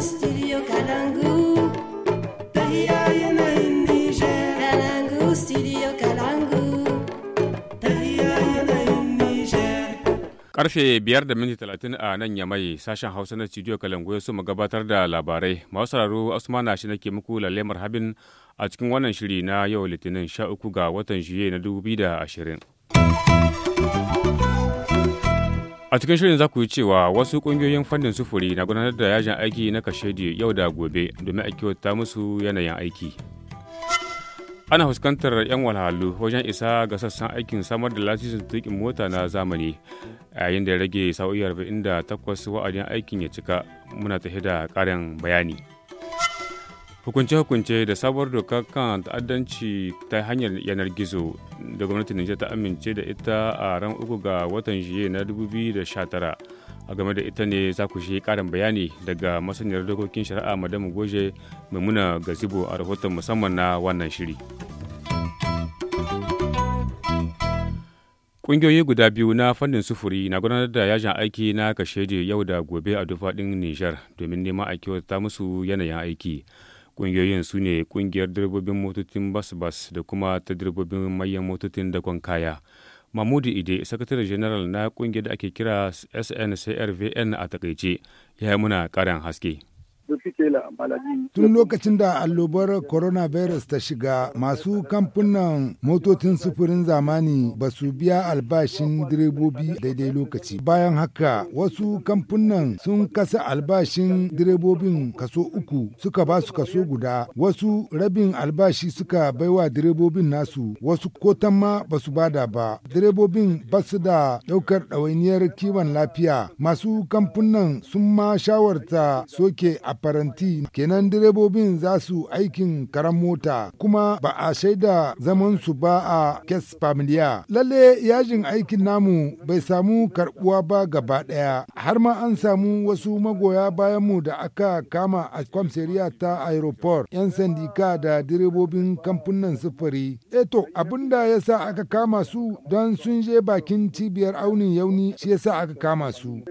studio Kalangu. Karfe biyar da minti talatin a nan Yamai sashen Hausa na studio Kalangu ya mu gabatar da labarai. Masu sauraro na shi nake muku lalemar habin a cikin wannan shiri na yau Litinin sha uku ga watan Juye na ashirin. A cikin shirin za ku yi cewa wasu ƙungiyoyin fannin sufuri na gudanar da yajin aiki na kashedi yau da gobe domin a kyauta musu yanayin aiki. Ana fuskantar 'yan walhalu wajen isa ga sassan aikin samar da lasisin tukin mota na zamani yayin da ya rage sa'o'i 48 wa'adin aikin ya cika muna tafi da ƙarin bayani. hukunce-hukunce da sabuwar doka kan ta'addanci ta hanyar yanar gizo da gwamnatin nijar ta amince da ita a ran uku ga watan jiye na 2019 a game da ita ne za ku shi karin bayani daga masaniyar dokokin shari'a madamu goje maimuna gazibo a rahoton musamman na wannan shiri. Ƙungiyoyi guda biyu na fannin sufuri na gudanar da yajin aiki na kashedi yau da gobe a dufaɗin Nijar domin neman a kyautata musu yanayin aiki. Ƙungiyoyin su ne ƙungiyar direbobin motocin bas-bas da kuma ta direbobin manyan motocin dakon kaya. Mahmudu Ide, sakataren jeneral na ƙungiyar da ake kira SNCRVN a takaice, ya yi muna ƙarin haske. Tun lokacin da allobar coronavirus ta shiga masu kamfunan motocin sufurin zamani ba su biya albashin direbobi daidai lokaci. Bayan haka wasu kamfunan sun kasa albashin direbobin kaso uku suka ba su kaso guda, wasu rabin albashi suka baiwa direbobin nasu, wasu kotan ma ba su bada ba. Direbobin ba su da ɗaukar ɗawainiyar kiwon lafiya. Masu kamfunan sun ma shawarta soke a faranti kenan direbobin za su aikin karan mota kuma ba a shaida zaman su ba a kes familia lalle yajin aikin namu bai samu karbuwa ba gaba daya har ma an samu wasu magoya bayan mu da aka kama a kwamseriya ta aeroport yan sandika da direbobin kamfunan sufuri eto eh abinda sa aka kama su don sun je bakin cibiyar aunin yauni shi sa aka kama su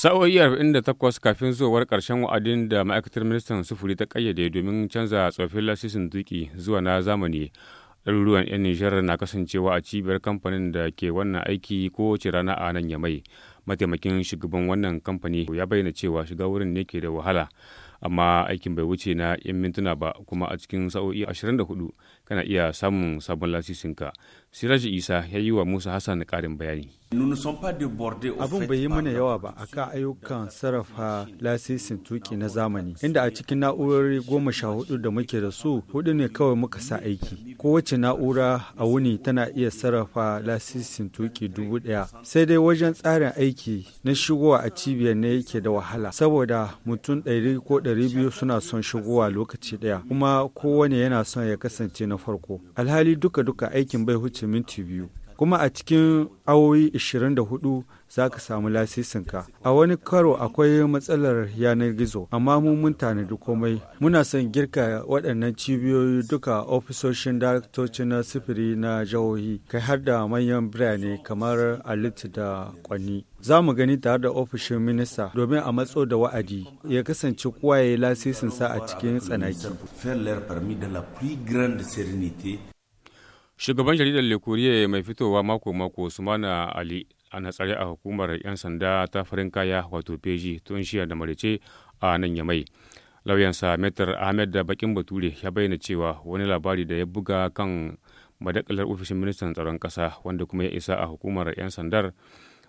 sa'o'i 48 kafin zuwar karshen wa'adin da ma'aikatar ministan sufuri ta kayyade domin canza tsofin lasisin duki zuwa na zamani ɗaruruwan 'yan nijar na kasancewa a cibiyar kamfanin da ke wannan aiki kowace rana a nan yamai mataimakin shugaban wannan kamfani ya bayyana cewa shiga wurin ne ke da wahala amma aikin bai wuce na 'yan mintuna ba kuma a cikin sa'o'i 24 kana iya samun sabon lasisinka Siraji Isa ya yi wa Musa Hassan ƙarin bayani. Abin bai yi mana yawa ba a kan ayyukan sarrafa lasisin tuki na zamani, inda a cikin na'urori goma sha hudu da muke da su hudu ne kawai muka sa aiki. Kowace na'ura a wuni tana iya sarrafa lasisin tuki dubu ɗaya. Sai dai wajen tsarin aiki na shigowa a cibiyar ne yake da wahala, saboda mutum ɗari ko ɗari biyu suna son shigowa lokaci ɗaya, kuma kowane yana son ya kasance na farko. Alhali duka-duka aikin bai huce wuce minti biyu kuma a cikin awowi 24 za ka samu lasisinka a wani karo akwai matsalar yanar gizo amma mu mun tanadi komai muna son girka waɗannan cibiyoyi duka ofisoshin daraktocin na sifiri na jihohi kai har da manyan birane kamar alit da kwanni za mu gani tare da ofishin minista domin a matso da wa'adi ya kasance kowa ya yi lasisinsa a cikin tsanaki Shugaban jaridar Le mai fitowa mako-mako Sumana Ali a tsare a hukumar 'yan sanda ta farin kaya wato peji tun shiya da marice a nan ya mai Lauyansa Metar Ahmed da Bakin Bature ya bayyana cewa wani labari da ya buga kan madakalar ofishin ministan tsaron kasa wanda kuma ya isa a hukumar 'yan sandar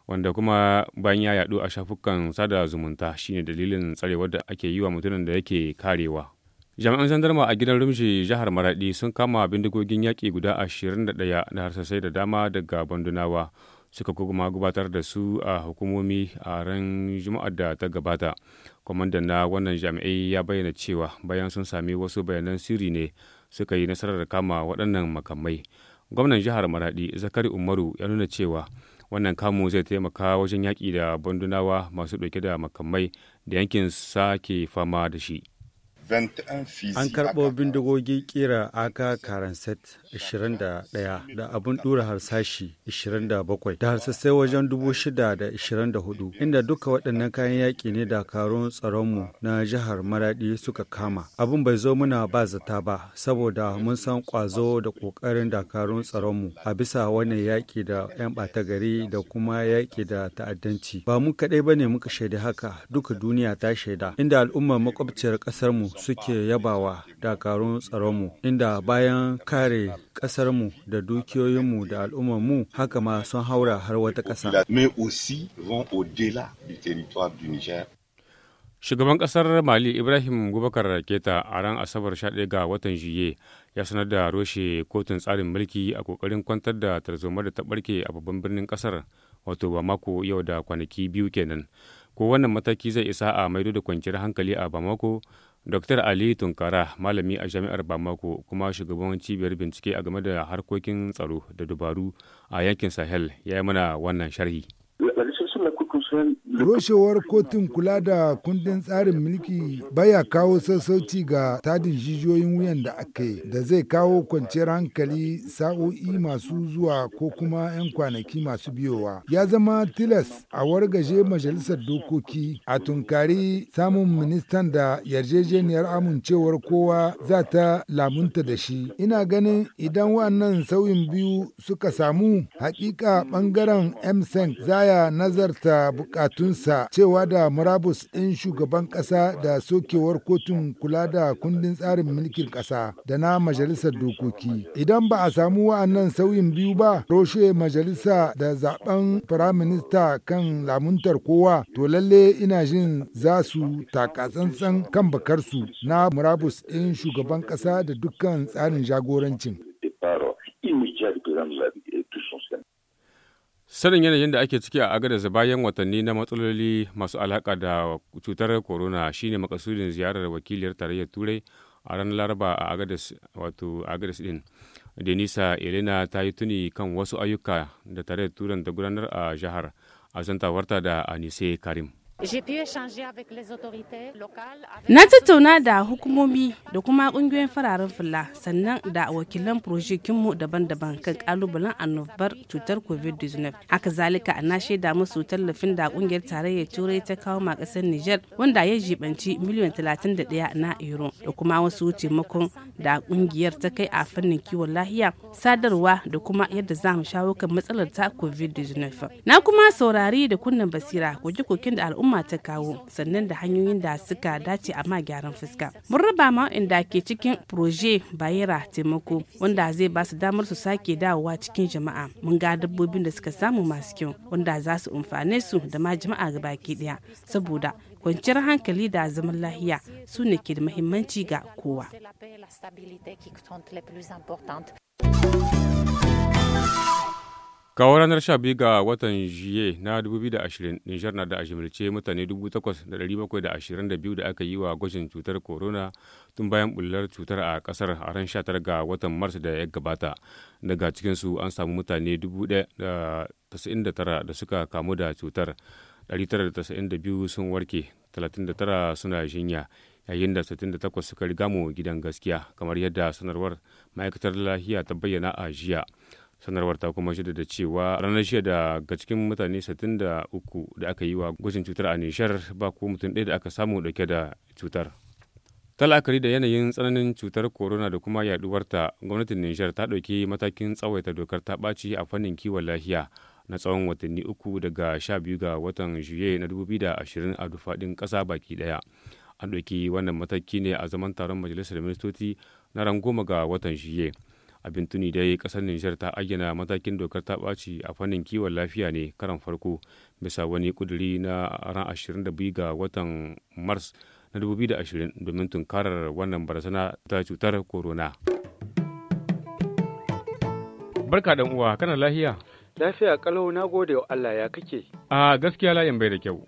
wanda kuma bayan ya yaɗu a shafukan sada zumunta shine dalilin tsarewar da ake yi wa mutumin da yake karewa. jami'an zandarma a gidan rumshi jihar maradi sun kama bindigogin yaƙi guda ashirin da ɗaya da harsasai da dama daga bandunawa suka kuma gabatar da su a hukumomi a ran juma'ar da ta gabata kwamandan na wannan jami'ai ya bayyana cewa bayan sun sami wasu bayanan sirri ne suka yi nasarar kama waɗannan makamai gwamnan jihar maradi zakari umaru ya nuna cewa wannan kamu zai taimaka wajen yaƙi da bandunawa masu ɗauke da makamai da yankin sake fama da shi An karɓo bindigogi kira aka karanset 21 da abun dura harsashi 27 da harsassai wajen 6,024 inda duka waɗannan kayan yaƙi ne dakarun tsaronmu na jihar Maradi suka kama. Abin bai zo muna ba zata ba saboda mun san ƙwazo da ƙoƙarin dakarun tsaronmu a bisa wannan yaƙi da 'yan ɓata gari da kuma yaƙi da ta'addanci. Ba mu kaɗai ba ne muka shaida haka duka duniya ta shaida inda al'ummar makwabciyar ƙasarmu suke yabawa dakarun tsaronmu inda bayan kare ƙasarmu da dukiyoyinmu da al'ummar mu haka ma sun haura har wata kasa. Shugaban ƙasar Mali Ibrahim Bubakar Keta a ran Asabar 11 ga watan Juye ya sanar da roshe kotun tsarin mulki a kokarin kwantar da tarzoma da ta barke a babban birnin kasar wato bamako yau da kwanaki biyu kenan ko wannan mataki zai isa a maido da kwanciyar hankali a bamako Dr. Ali Tunkara malami a jami'ar Bamako kuma shugaban cibiyar bincike a game da harkokin tsaro da dubaru a yankin Sahel ya yi mana wannan sharhi. Rushewar kotun kula da kundin tsarin mulki baya kawo sassauci ga tadin jijiyoyin wuyan da aka yi da zai kawo kwanciyar hankali sa'o'i masu zuwa ko kuma 'yan kwanaki masu biyowa. Ya zama tilas a wargaje majalisar dokoki a tunkari samun ministan da yarjejeniyar amincewar kowa za ta lamunta da shi. Ina ganin idan waɗannan sauyin biyu suka samu hakika ɓangaren MSEN zaya nazarta bukatunsa cewa da murabus ɗin shugaban ƙasa da sokewar kotun kula da kundin tsarin mulkin ƙasa da na majalisar dokoki. Idan ba a samu wa'annan sauyin biyu ba, roshe majalisa da zaben firaminista kan lamuntar kowa, to lalle ina jin za su takatsantsan kan bakarsu na murabus ɗin shugaban ƙasa da dukkan tsarin jagorancin. Sanin yanayin da ake ciki a Agadez bayan watanni na matsaloli masu alaƙa da cutar corona shine makasudin ziyarar wakiliyar tarayyar Turai a ranar Laraba a agadas wato din. Denisa Elena ta yi tuni kan wasu ayyuka da tarayyar Turan ta gudanar a jihar a zantawarta da Anise Karim. Na tattauna da hukumomi da kuma kungiyoyin fararen fula sannan da wakilan mu daban-daban kan kalubalen annobar cutar COVID-19. Haka zalika a nashe da masu tallafin da ƙungiyar tarayyar turai ta kawo ma kasar Nijar wanda ya jibanci miliyan 31 na euro da kuma wasu taimakon da kungiyar ta kai a fannin kiwon lahiya sadarwa da kuma yadda za mu shawo kan matsalar ta COVID-19. Na kuma saurari da kunnen basira koke-koken da al'umma al'umma ta kawo sannan da hanyoyin da suka dace amma ma gyaran fuska mun raba ma inda ke cikin proje bayera taimako wanda zai ba su damar su sake dawowa cikin jama'a mun ga dabbobin da suka samu masu kyau wanda za su amfane su da ma jama'a ke daya saboda kwanciyar hankali da zaman lahiya su ne ke da muhimmanci ga kowa. kawo ranar 12 ga watan juye na 2020 nijar na da ashimilce mutane 8,722 da aka yi wa gwajin cutar corona tun bayan bullar cutar a kasar a ran 19 ga watan mars da ya gabata daga cikinsu an samu mutane 1,099 da suka kamu da cutar 992 sun warke 39 suna jinya yayin da 68 suka riga mu gidan gaskiya kamar yadda sanarwar ma'aikatar lahiya ta bayyana a jiya. sanarwar ta kuma shida da cewa ranar shida ga cikin mutane 63 da aka yi wa gwajin cutar a nishar ba ko mutum ɗaya da aka samu dauke da cutar talakari da yanayin tsananin cutar corona da kuma yaduwarta gwamnatin nishar ta ɗauki matakin tsawaita dokar ta ɓaci a fannin kiwon lafiya na tsawon watanni uku daga 12 ga watan juye na 2020 a dufaɗin ƙasa baki ɗaya an ɗauki wannan mataki ne a zaman taron majalisar ministoci na ran goma ga watan juye abin tuni dai kasar nijar ta ayyana matakin dokar ta ɓaci a fannin kiwon lafiya ne karan farko bisa wani kuduri na ran 22 ga watan mars na 2020 domin tunkarar wannan barazana ta cutar corona barka dan uwa kana lahiya. lafiya kalau na gode wa allah ya kake a gaskiya layin bai da kyau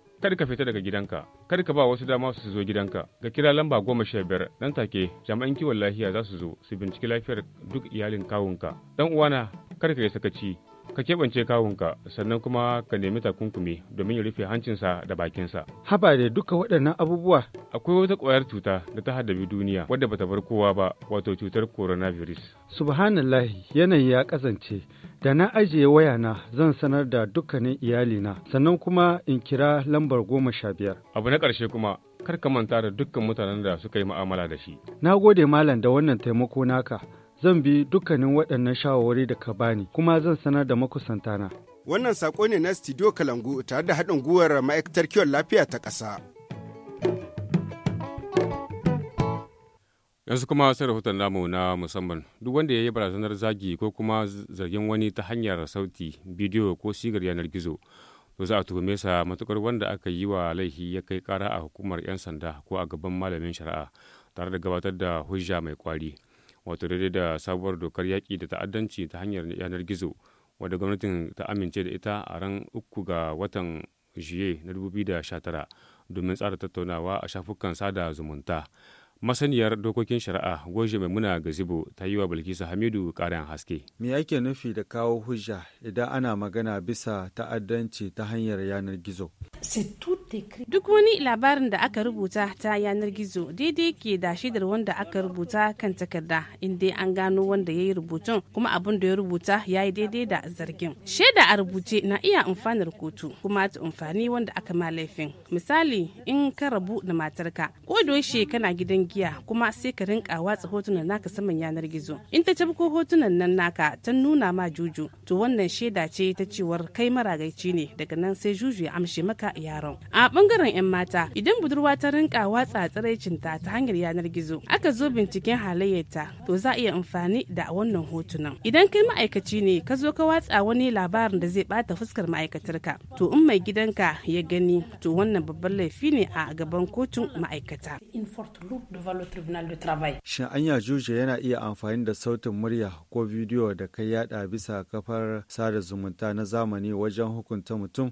kada ka fita daga gidanka kada ka ba wasu dama su zo gidanka ga kira lamba goma sha biyar nan take jami'an kiwon lafiya za su zo su binciki lafiyar duk iyalin kawunka dan uwana kada ka yi sakaci ka keɓance kawunka sannan kuma ka nemi takunkumi domin ya rufe hancinsa da bakinsa haba da duka waɗannan abubuwa akwai wata ƙwayar cuta da ta haddabi duniya wadda bata bar kowa ba wato cutar coronavirus Subhanallah, yanayi ya kasance Da na ajiye wayana zan sanar da dukkanin iyalina sannan kuma in kira lambar goma sha biyar. Abu na ƙarshe kuma kar ka manta da dukkan mutanen da suka yi mu'amala da shi. Na gode malam da wannan taimako naka. Zan bi dukkanin waɗannan shawarwari da ka bani kuma zan sanar da makusantana. Wannan saƙo ne na Studio Kalangu tare da haɗin gwiwar ma'aikatar kiwon lafiya ta ƙasa. yanzu kuma sai rahoton namu na musamman duk wanda ya yi barazanar zagi ko kuma zargin wani ta hanyar sauti bidiyo ko sigar yanar gizo to za a tuhume sa matukar wanda aka yi wa laifi ya kai kara a hukumar 'yan sanda ko a gaban malamin shari'a tare da gabatar da hujja mai kwari wato daidai da sabuwar dokar yaƙi da ta'addanci ta hanyar yanar gizo wadda gwamnatin ta amince da ita a ran uku ga watan juye na 2019 domin tsara tattaunawa a shafukan sada zumunta masaniyar dokokin shari'a goje maimuna gazibo ta yi wa bilkisu hamidu karin haske me yake nufi da kawo hujja idan ana magana bisa ta'addanci ta hanyar yanar gizo Duk wani labarin da aka rubuta ta yanar gizo daidai ke da shaidar wanda aka rubuta kan takarda inda an gano wanda ya yi rubutun kuma abin da ya rubuta ya yi daidai da zargin. Shaida a rubuce na iya amfanar kotu kuma ta amfani wanda aka ma laifin. Misali in ka rabu da matarka ko doshi kana gidan giya kuma sai ka rinka watsa hotunan naka saman yanar gizo. In ta ko hotunan nan naka ta nuna ma juju to wannan shaida ce ta cewar kai maragaici ne daga nan sai juju ya amshe maka yaron. a bangaren 'yan mata idan budurwa ta rinka watsa tsiraicinta ta hanyar yanar gizo aka zo binciken halayyarta to za a iya amfani da wannan hotunan idan kai ma'aikaci ne ka zo ka watsa wani labarin da zai bata fuskar ma'aikatarka to in mai gidanka ya gani to wannan babban laifi ne a gaban kotun ma'aikata shin anya juje yana iya amfani da sautin murya ko bidiyo da kai yada bisa kafar sada zumunta na zamani wajen hukunta mutum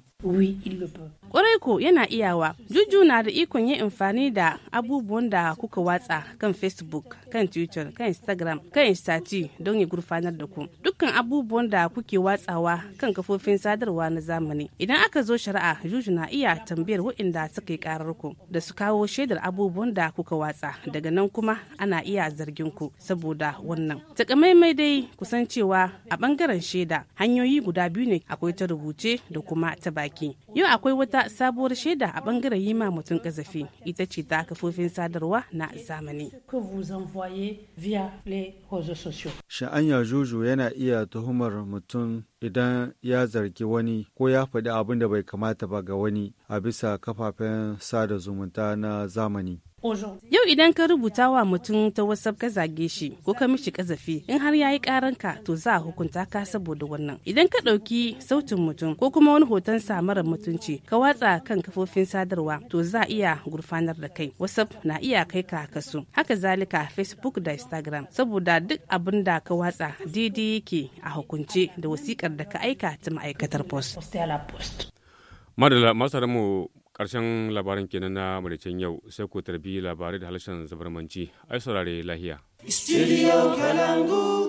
kwarai ko yana kuna iyawa juju na da ikon yin amfani da abubuwan da kuka watsa kan facebook kan twitter kan instagram kan instati don ya gurfanar da ku dukkan abubuwan da kuke watsawa kan kafofin sadarwa na zamani idan aka zo shari'a juju na iya tambayar waɗanda suka yi karar ku da su kawo shaidar abubuwan da kuka watsa daga nan kuma ana iya zargin ku saboda wannan takamaimai dai kusan cewa a bangaren shaida hanyoyi guda biyu ne akwai ta rubuce da kuma ta baki yau akwai wata sabuwar shaida shaida a bangaren yi ma mutum kazafi ita ce ta kafofin sadarwa na zamani. Sha'anya juju yana iya tuhumar mutum idan ya zargi wani ko ya faɗi abin da bai kamata ba ga wani a bisa kafafen sada zumunta na zamani. Yau idan ka rubuta wa mutum ta WhatsApp ka zage shi ko ka mishi kazafi in har ya yi karanka to za a hukunta ka saboda wannan. Idan ka ɗauki sautin mutum ko kuma wani hoton samarar mutunci ka watsa kan kafofin sadarwa to za a iya gurfanar da kai. WhatsApp na iya kai ka kasu Haka zalika Facebook da Instagram saboda duk abin da ka watsa daidai yake a hukunce da wasikar da ka aika ta ma'aikatar post. Madala Ƙarshen labarin kenan na maraicen yau sai ku tarbi labarai da harshen zabarmanci. Ai saurare lahiya. Studio Kalangu.